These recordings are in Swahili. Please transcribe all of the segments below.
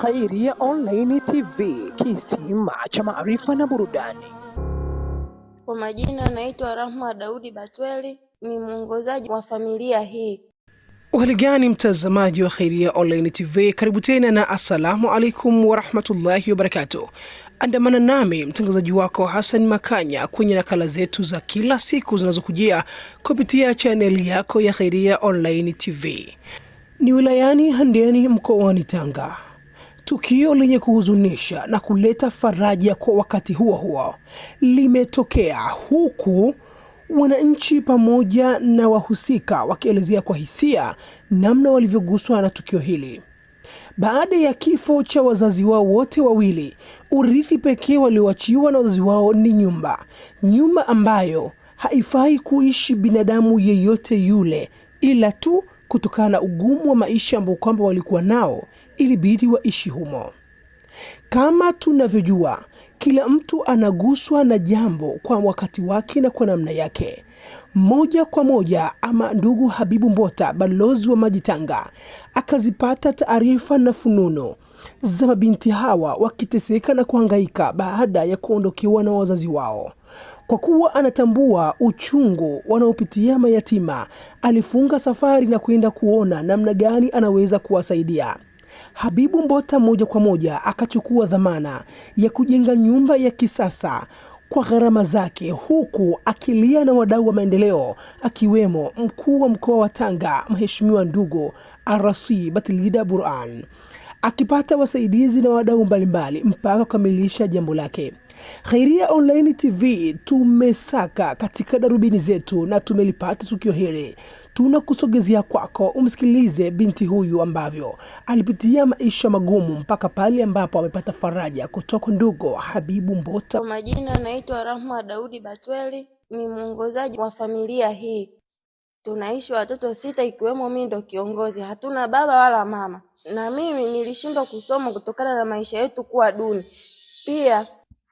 Khairia Online TV, kisima cha maarifa na burudani. Kwa majina naitwa Rahma Daudi Batweli, ni mwongozaji wa familia hii. Hali gani mtazamaji wa Khairia Online TV, karibu tena na assalamu alaikum warahmatullahi wabarakatuh. Andamana nami mtangazaji wako Hassan Makanya kwenye nakala zetu za kila siku zinazokujia kupitia chaneli yako ya Khairia Online TV. Ni wilayani Handeni mkoani Tanga, tukio lenye kuhuzunisha na kuleta faraja kwa wakati huo huo limetokea huku wananchi pamoja na wahusika wakielezea kwa hisia namna walivyoguswa na tukio hili. Baada ya kifo cha wazazi wao wote wawili, urithi pekee walioachiwa na wazazi wao ni nyumba, nyumba ambayo haifai kuishi binadamu yeyote yule, ila tu kutokana na ugumu wa maisha ambao kwamba walikuwa nao ilibidi waishi humo. Kama tunavyojua kila mtu anaguswa na jambo kwa wakati wake na kwa namna yake. Moja kwa moja ama ndugu Habibu Mbota, balozi wa Maji Tanga, akazipata taarifa na fununu za mabinti hawa wakiteseka na kuhangaika baada ya kuondokewa na wazazi wao. Kwa kuwa anatambua uchungu wanaopitia mayatima, alifunga safari na kwenda kuona namna gani anaweza kuwasaidia. Habibu Mbota moja kwa moja akachukua dhamana ya kujenga nyumba ya kisasa kwa gharama zake, huku akilia na wadau wa maendeleo akiwemo mkuu wa mkoa wa Tanga Mheshimiwa ndugu RC Batilida Burhan akipata wasaidizi na wadau mbalimbali mpaka kukamilisha jambo lake. Khairia Online TV tumesaka katika darubini zetu na tumelipata tukio hili tunakusogezea kwako umsikilize binti huyu ambavyo alipitia maisha magumu mpaka pale ambapo amepata faraja kutoka ndugu Habibu Mbota. Kwa majina naitwa Rahma Daudi Batweli, ni mwongozaji wa familia hii. Tunaishi watoto sita, ikiwemo mimi ndo kiongozi. Hatuna baba wala mama, na mimi nilishindwa kusoma kutokana na maisha yetu kuwa duni. Pia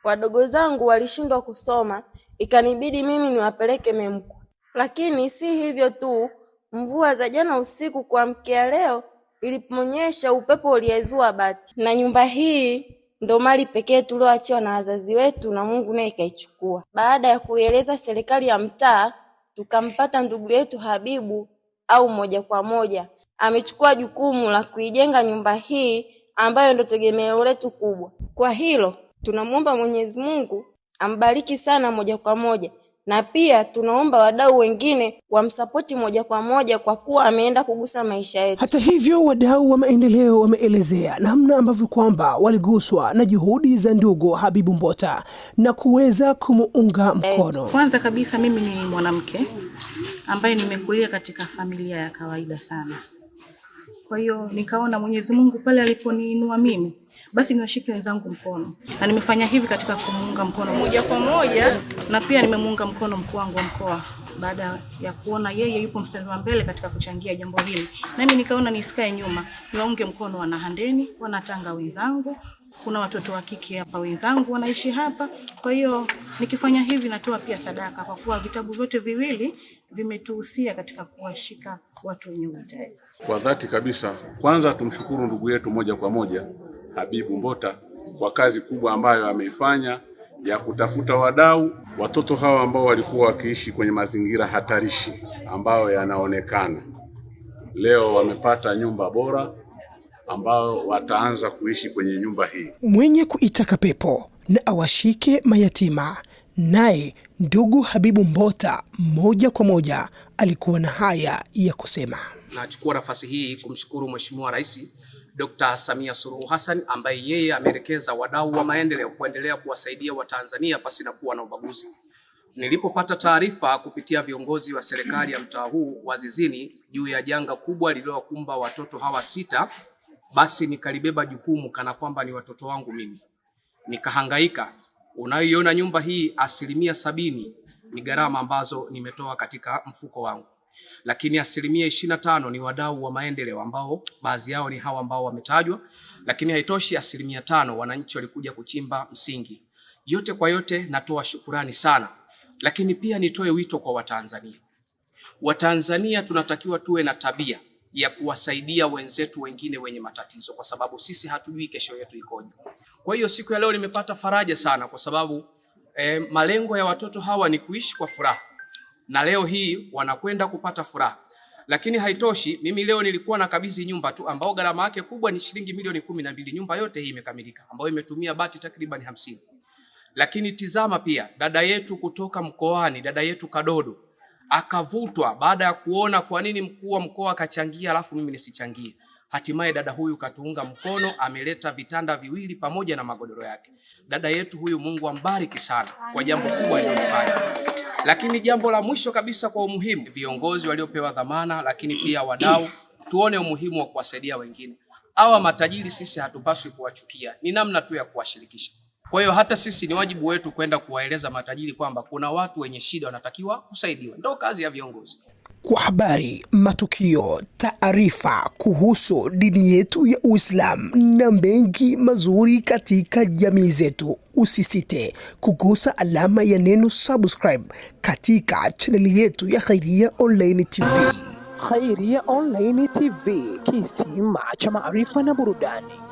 wadogo zangu walishindwa kusoma, ikanibidi mimi niwapeleke memku lakini si hivyo tu mvua za jana usiku kuamkia leo iliponyesha upepo uliezua bati na nyumba hii ndo mali pekee tulioachiwa na wazazi wetu na Mungu naye ikaichukua. Baada ya kuieleza serikali ya mtaa, tukampata ndugu yetu Habibu au moja kwa moja amechukua jukumu la kuijenga nyumba hii ambayo ndo tegemeo letu kubwa. Kwa hilo tunamwomba Mwenyezi Mungu ambariki sana moja kwa moja na pia tunaomba wadau wengine wamsapoti moja kwa moja kwa kuwa ameenda kugusa maisha yetu. Hata hivyo, wadau wa maendeleo wameelezea namna ambavyo kwamba waliguswa na juhudi za ndugu Habibu Mbota na kuweza kumuunga eh, mkono. Kwanza kabisa, mimi ni mwanamke ambaye nimekulia katika familia ya kawaida sana, kwa hiyo nikaona Mwenyezi Mungu pale aliponiinua mimi basi niwashike wenzangu mkono, na nimefanya hivi katika kumuunga mkono moja kwa moja, na pia nimemuunga mkono mkuu wangu wa mkoa baada ya kuona yeye yupo mstari wa mbele katika kuchangia jambo hili, nami nikaona nisikae nyuma, niwaunge mkono wana Handeni, wana Tanga wenzangu. Kuna watoto wa kike hapa wenzangu wanaishi hapa. Kwa hiyo nikifanya hivi, natoa pia sadaka, kwa kuwa vitabu vyote viwili vimetuhusia katika kuwashika watu wenye uhitaji. Kwa dhati kabisa, kwanza tumshukuru ndugu yetu moja kwa moja Habibu Mbota kwa kazi kubwa ambayo ameifanya ya kutafuta wadau watoto hawa ambao walikuwa wakiishi kwenye mazingira hatarishi ambayo yanaonekana leo, wamepata nyumba bora ambao wataanza kuishi kwenye nyumba hii. Mwenye kuitaka pepo na awashike mayatima. Naye ndugu Habibu Mbota moja kwa moja alikuwa na haya ya kusema. Nachukua nafasi hii kumshukuru Mheshimiwa Rais Dr. Samia Suluhu Hassan ambaye yeye ameelekeza wadau wa maendeleo kuendelea kuwasaidia Watanzania pasi na kuwa na ubaguzi. Nilipopata taarifa kupitia viongozi wa serikali ya mtaa huu wa Zizini juu ya janga kubwa lililowakumba watoto hawa sita, basi nikalibeba jukumu kana kwamba ni watoto wangu mimi. Nikahangaika. Unayoiona nyumba hii, asilimia sabini ni gharama ambazo nimetoa katika mfuko wangu lakini asilimia ishirini na tano ni wadau wa maendeleo ambao baadhi yao ni hawa ambao wametajwa, lakini haitoshi, asilimia tano wananchi walikuja kuchimba msingi. Yote kwa yote, natoa shukurani sana, lakini pia nitoe wito kwa Watanzania. Watanzania tunatakiwa tuwe na tabia ya kuwasaidia wenzetu wengine wenye matatizo, kwa sababu sisi hatujui kesho yetu ikoje. Kwa hiyo siku ya leo nimepata faraja sana, kwa sababu eh, malengo ya watoto hawa ni kuishi kwa furaha na leo hii wanakwenda kupata furaha. Lakini haitoshi, mimi leo nilikuwa na kabidhi nyumba tu ambao gharama yake kubwa ni shilingi milioni kumi na mbili. Nyumba yote hii imekamilika, ambayo imetumia bati takriban hamsini. Lakini tizama pia dada yetu kutoka mkoani, dada yetu Kadodo akavutwa baada ya kuona kwa nini mkuu wa mkoa akachangia alafu mimi nisichangie. Hatimaye dada huyu katuunga mkono, ameleta vitanda viwili pamoja na magodoro yake. Dada yetu huyu, Mungu ambariki sana kwa jambo kubwa alilofanya. Lakini jambo la mwisho kabisa kwa umuhimu, viongozi waliopewa dhamana, lakini pia wadau, tuone umuhimu wa kuwasaidia wengine. Hawa matajiri sisi hatupaswi kuwachukia, ni namna tu ya kuwashirikisha. Kwa hiyo hata sisi ni wajibu wetu kwenda kuwaeleza matajiri kwamba kuna watu wenye shida wanatakiwa kusaidiwa. Ndio kazi ya viongozi. Kwa habari, matukio, taarifa kuhusu dini yetu ya Uislamu na mengi mazuri katika jamii zetu, usisite kugusa alama ya neno subscribe katika chaneli yetu ya Khairia Online TV. Khairia Online TV, kisima cha maarifa na burudani.